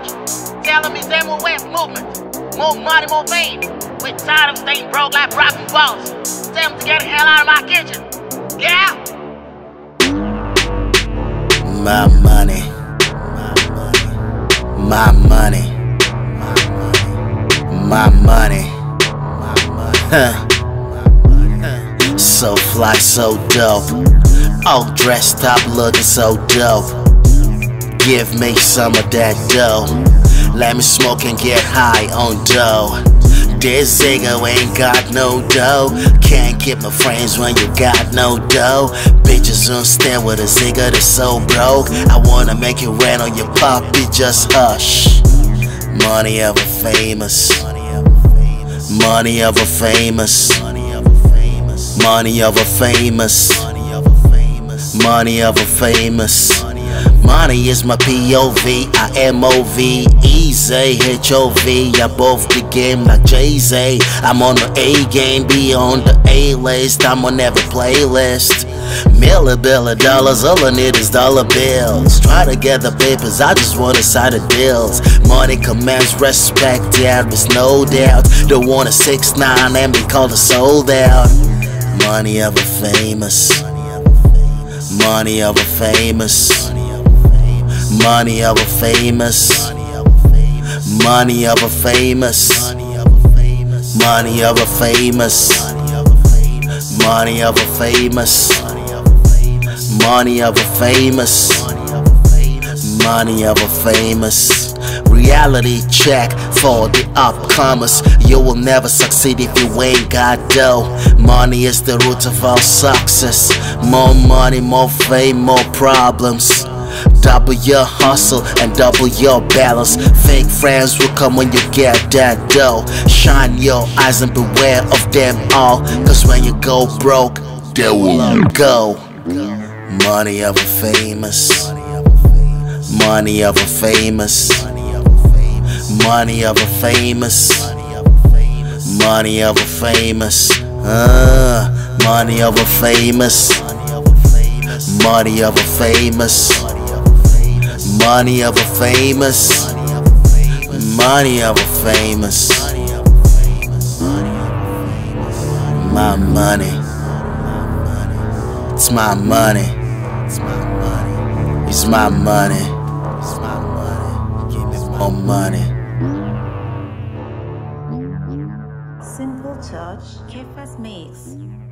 country. Telling me they more west movement. More money, more fame. We're tired of staying broke like broccoli balls. Tell them to get the hell out of my kitchen. Yeah? My money. My money. My money. Huh. So fly, so dope. All dressed up, looking so dope. Give me some of that dough. Let me smoke and get high on dough. This nigga ain't got no dough. Can't get my friends when you got no dough. Bitches stand with a nigga that's so broke. I wanna make you rain on your poppy, just hush. Money of a famous. Money of a famous. Money of a famous. Money of a famous. Money is my POV, I M-O-V, easy, H-O-V I both the game like Jay-Z I'm on the A-game, be on the A-list I'm on every playlist Miller, bill, dollars, all I need is dollar bills Try to gather papers, I just wanna side of deals Money commands respect, yeah, there's no doubt The want a 6-9 and be call it sold out Money ever famous Money ever famous Money of a famous. Money of a famous. Money of a famous. Money of a famous. Money of a famous. Money of a famous. Reality check for the upcomers. You will never succeed if you ain't got dough. Money is the root of all success. More money, more fame, more problems. Double your hustle and double your balance. Fake friends will come when you get that dough. Shine your eyes and beware of them all. Cause when you go broke, they will go. Money of a famous. Money of a famous. Money of a famous. Money of a famous. Uh, money a famous. Money of famous. Money famous. Money of a famous. Money of a famous. My money. It's my money. It's my money. It's my money. Give me more money. Simple Touch Kefas Mix.